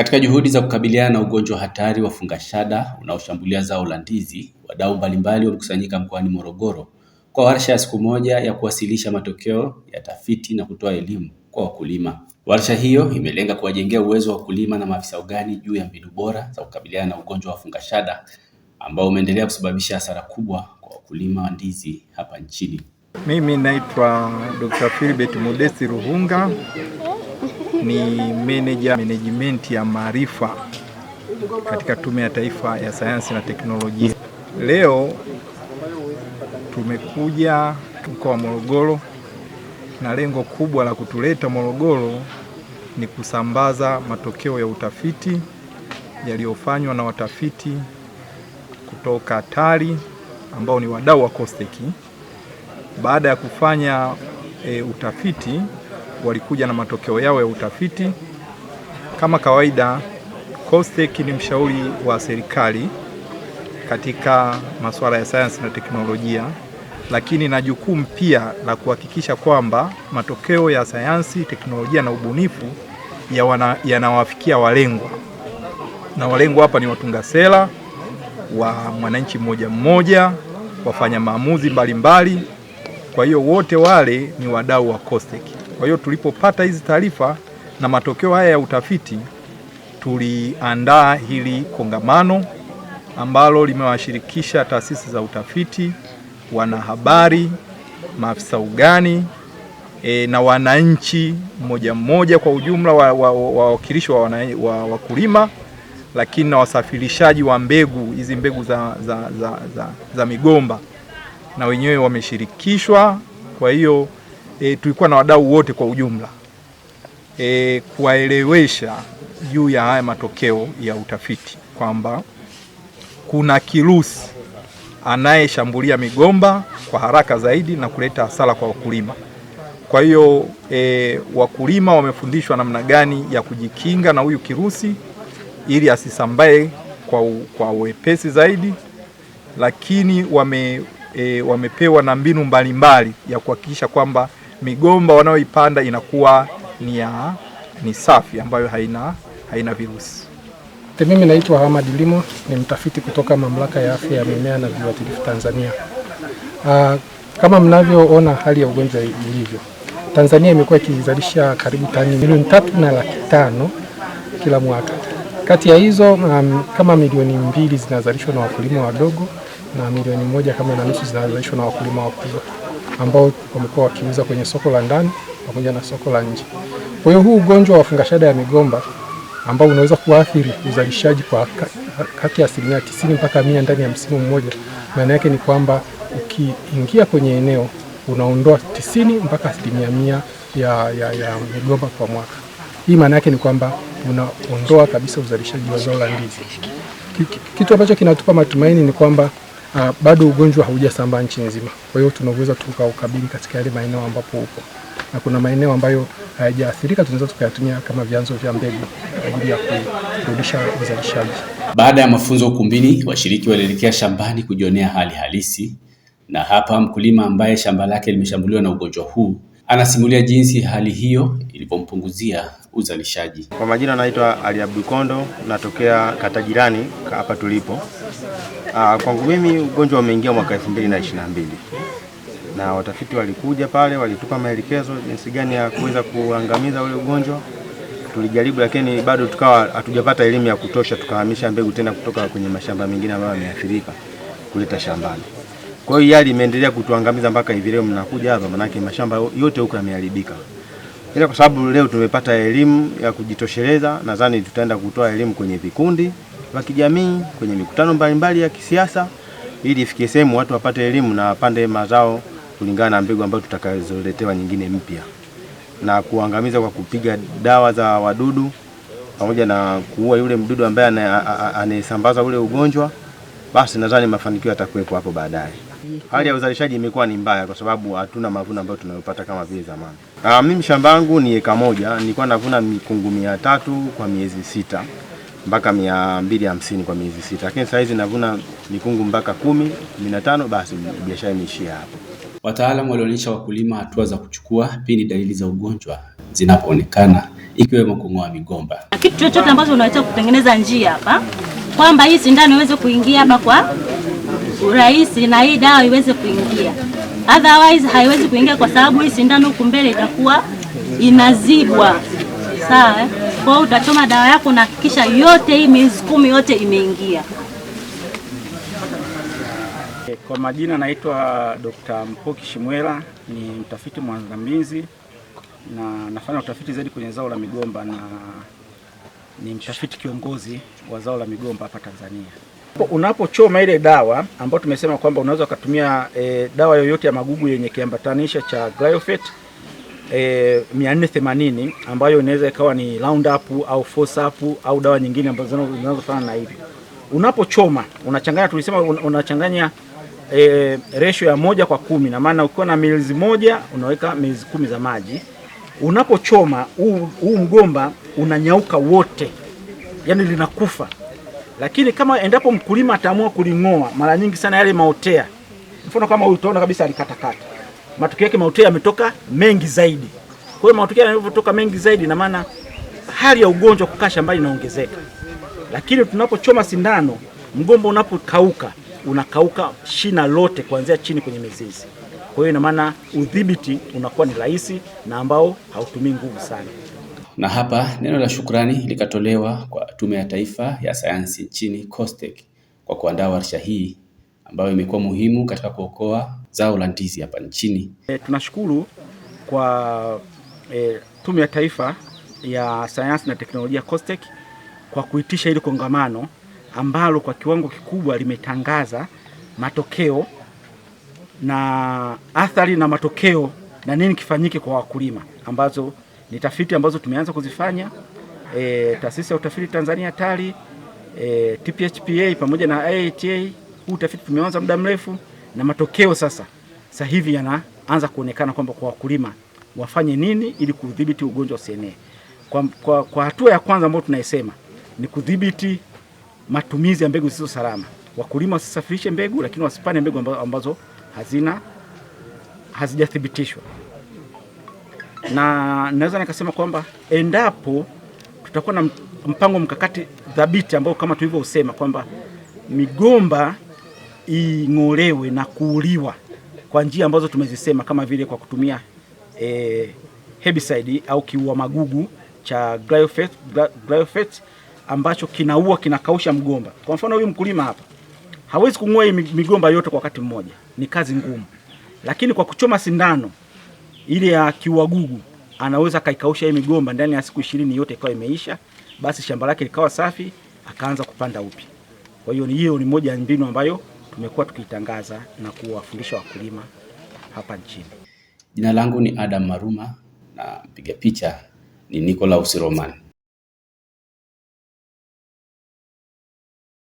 Katika juhudi za kukabiliana na ugonjwa hatari wa fungashada unaoshambulia zao la ndizi, wadau mbalimbali wamekusanyika mkoani Morogoro kwa warsha ya siku moja ya kuwasilisha matokeo ya tafiti na kutoa elimu kwa wakulima. Warsha hiyo imelenga kuwajengea uwezo wa wakulima na maafisa ugani juu ya mbinu bora za kukabiliana na ugonjwa wa fungashada ambao umeendelea kusababisha hasara kubwa kwa wakulima wa ndizi hapa nchini. Mimi naitwa Dr. Philbert Modesti Ruhunga ni manager management ya maarifa katika Tume ya Taifa ya Sayansi na Teknolojia. Leo tumekuja mkoa wa Morogoro na lengo kubwa la kutuleta Morogoro ni kusambaza matokeo ya utafiti yaliyofanywa na watafiti kutoka TARI ambao ni wadau wa COSTECH baada ya kufanya e, utafiti walikuja na matokeo yao ya utafiti. Kama kawaida, COSTECH ni mshauri wa serikali katika masuala ya sayansi na teknolojia, lakini na jukumu pia la kuhakikisha kwamba matokeo ya sayansi, teknolojia na ubunifu yanawafikia ya walengwa, na walengwa hapa ni watunga sera wa mwananchi mmoja mmoja, wafanya maamuzi mbalimbali. Kwa hiyo wote wale ni wadau wa COSTECH. Kwa hiyo tulipopata hizi taarifa na matokeo haya ya utafiti, tuliandaa hili kongamano ambalo limewashirikisha taasisi za utafiti, wanahabari, maafisa ugani e, na wananchi mmoja mmoja kwa ujumla, wawakilishi wa, wa, wa, wa, wa wakulima, lakini na wasafirishaji wa mbegu hizi mbegu za, za, za, za, za migomba na wenyewe wameshirikishwa. Kwa hiyo e, tulikuwa na wadau wote kwa ujumla e, kuwaelewesha juu ya haya matokeo ya utafiti kwamba kuna kirusi anayeshambulia migomba kwa haraka zaidi na kuleta hasara kwa wakulima. Kwa hiyo e, wakulima wamefundishwa namna gani ya kujikinga na huyu kirusi ili asisambae kwa, kwa uwepesi zaidi, lakini wame, e, wamepewa na mbinu mbalimbali ya kuhakikisha kwamba migomba wanaoipanda inakuwa ni ya ni safi ambayo haina, haina virusi. Mimi naitwa Hamad Limo, ni mtafiti kutoka Mamlaka ya Afya ya Mimea na Viuatilifu Tanzania. Aa, ah, kama mnavyoona hali ya ugonjwa ilivyo, Tanzania imekuwa ikizalisha karibu tani milioni tatu na laki tano kila mwaka. Kati ya hizo um, kama milioni mbili zinazalishwa na wakulima wadogo na milioni moja kama na nusu zinazalishwa na wakulima wakubwa ambao wamekuwa wakiuza kwenye soko la ndani pamoja na soko la nje. Kwa hiyo huu ugonjwa wa fungashada ya migomba ambao unaweza kuathiri uzalishaji kwa kati ya asilimia tisini mpaka mia ndani ya msimu mmoja, maana yake ni kwamba ukiingia kwenye eneo unaondoa tisini mpaka asilimia mia ya, ya, ya migomba kwa mwaka. Hii maana yake ni kwamba unaondoa kabisa uzalishaji wa zao la ndizi. Kitu ambacho kinatupa matumaini ni kwamba uh, bado ugonjwa haujasambaa nchi nzima. Kwa hiyo tunaweza tukaukabili katika yale maeneo ambapo upo, na kuna maeneo ambayo hayajaathirika, tunaweza tukayatumia kama vyanzo vya mbegu kwa ajili ya kurudisha uzalishaji. Baada ya mafunzo ukumbini, washiriki walielekea shambani kujionea hali halisi, na hapa mkulima ambaye shamba lake limeshambuliwa na ugonjwa huu anasimulia jinsi hali hiyo ilivyompunguzia uzalishaji. Kwa majina naitwa Ali Abdu Kondo, natokea kata jirani hapa tulipo. Ah, kwangu mimi ugonjwa umeingia mwaka 2022 na watafiti walikuja pale, walitupa maelekezo jinsi gani ya kuweza kuangamiza ule ugonjwa. Tulijaribu lakini bado tukawa hatujapata elimu ya kutosha, tukahamisha mbegu tena kutoka kwenye mashamba mengine ambayo yameathirika kuleta shambani. Kwa hiyo yali imeendelea kutuangamiza mpaka hivi leo mnakuja hapa, manake mashamba yote huko yameharibika ila kwa sababu leo tumepata elimu ya kujitosheleza, nadhani tutaenda kutoa elimu kwenye vikundi vya kijamii, kwenye mikutano mbalimbali ya kisiasa, ili ifikie sehemu watu wapate elimu na wapande mazao kulingana na mbegu ambayo tutakazoletewa nyingine mpya, na kuangamiza kwa kupiga dawa za wadudu pamoja na kuua yule mdudu ambaye anayesambaza ule ugonjwa, basi nadhani mafanikio yatakuwepo hapo baadaye hali ya uzalishaji imekuwa ni mbaya kwa sababu hatuna mavuno ambayo tunayopata kama vile zamani. Ah, mimi shamba langu ni eka moja, nilikuwa navuna mikungu mia tatu kwa miezi sita mpaka mia mbili hamsini kwa miezi sita, lakini saa hizi navuna mikungu mpaka kumi kumi na tano basi biashara imeishia hapo. Wataalamu walionyesha wakulima hatua za kuchukua pindi dalili za ugonjwa zinapoonekana ikiwemo kung'oa migomba. Kitu chochote ambacho unaweza kutengeneza njia hapa kwamba hii sindano iweze kuingia hapa kwa urahisi na hii dawa iweze kuingia, otherwise haiwezi kuingia kwa sababu hii sindano huku mbele itakuwa inazibwa. Sawa, eh? kwa hiyo utachoma dawa yako na hakikisha yote hii miezi kumi yote imeingia. Kwa majina naitwa Dr. Mpoki Shimwela, ni mtafiti mwandamizi na nafanya utafiti zaidi kwenye zao la migomba na ni mtafiti kiongozi wa zao la migomba hapa Tanzania unapo unapochoma ile dawa ambayo tumesema kwamba unaweza ukatumia e, dawa yoyote ya magugu yenye kiambatanisha cha glyphosate e, 480 ambayo inaweza ikawa ni Roundup au Forceap au dawa nyingine ambazo zinazofanana na hivi. Unapochoma unachanganya, tulisema unachanganya e, ratio ya moja kwa kumi, na maana ukiwa na mililita moja unaweka mililita kumi za maji. Unapochoma huu mgomba unanyauka wote, yani linakufa lakini kama endapo mkulima ataamua kuling'oa, mara nyingi sana yale maotea, mfano kama utaona kabisa alikatakata, matokeo yake maotea yametoka mengi zaidi. Kwa hiyo matokeo yanavyotoka mengi zaidi, na maana hali ya ugonjwa kukaa shambani inaongezeka. Lakini tunapochoma sindano, mgomba unapokauka unakauka shina lote kuanzia chini kwenye mizizi. Kwa hiyo ina maana udhibiti unakuwa ni rahisi na ambao hautumii nguvu sana. Na hapa neno la shukrani likatolewa kwa Tume ya Taifa ya Sayansi nchini COSTECH kwa kuandaa warsha hii ambayo imekuwa muhimu katika kuokoa zao la ndizi hapa nchini. E, tunashukuru kwa e, Tume ya Taifa ya Sayansi na Teknolojia COSTECH kwa kuitisha hili kongamano ambalo kwa kiwango kikubwa limetangaza matokeo na athari na matokeo na nini kifanyike kwa wakulima, ambazo ni tafiti ambazo tumeanza kuzifanya e, taasisi ya utafiti Tanzania TARI e, TPHPA pamoja na IATA. Huu utafiti tumeanza muda mrefu na matokeo sasa sasa hivi yanaanza kuonekana kwamba kwa wakulima wafanye nini ili kudhibiti ugonjwa usienee. Kwa, kwa, kwa hatua ya kwanza ambayo tunaisema ni kudhibiti matumizi ya mbegu zisizo salama. Wakulima wasisafirishe mbegu, lakini wasipane mbegu ambazo, ambazo hazina hazijathibitishwa, na naweza nikasema kwamba endapo tutakuwa na mpango mkakati thabiti ambao kama tulivyosema kwamba migomba ing'olewe na kuuliwa kwa njia ambazo tumezisema kama vile kwa kutumia e, herbicide au kiua magugu cha glyphosate, glyphosate ambacho kinaua kinakausha mgomba. Kwa mfano huyu mkulima hapa hawezi kung'oa migomba yote kwa wakati mmoja, ni kazi ngumu, lakini kwa kuchoma sindano ile ya kiua gugu anaweza akaikausha hii migomba ndani ya siku ishirini yote ikawa imeisha, basi shamba lake likawa safi, akaanza kupanda upya. Kwa hiyo hiyo ni moja ya mbinu ambayo tumekuwa tukiitangaza na kuwafundisha wakulima hapa nchini. Jina langu ni Adam Maruma na mpiga picha ni Nicolaus Roman.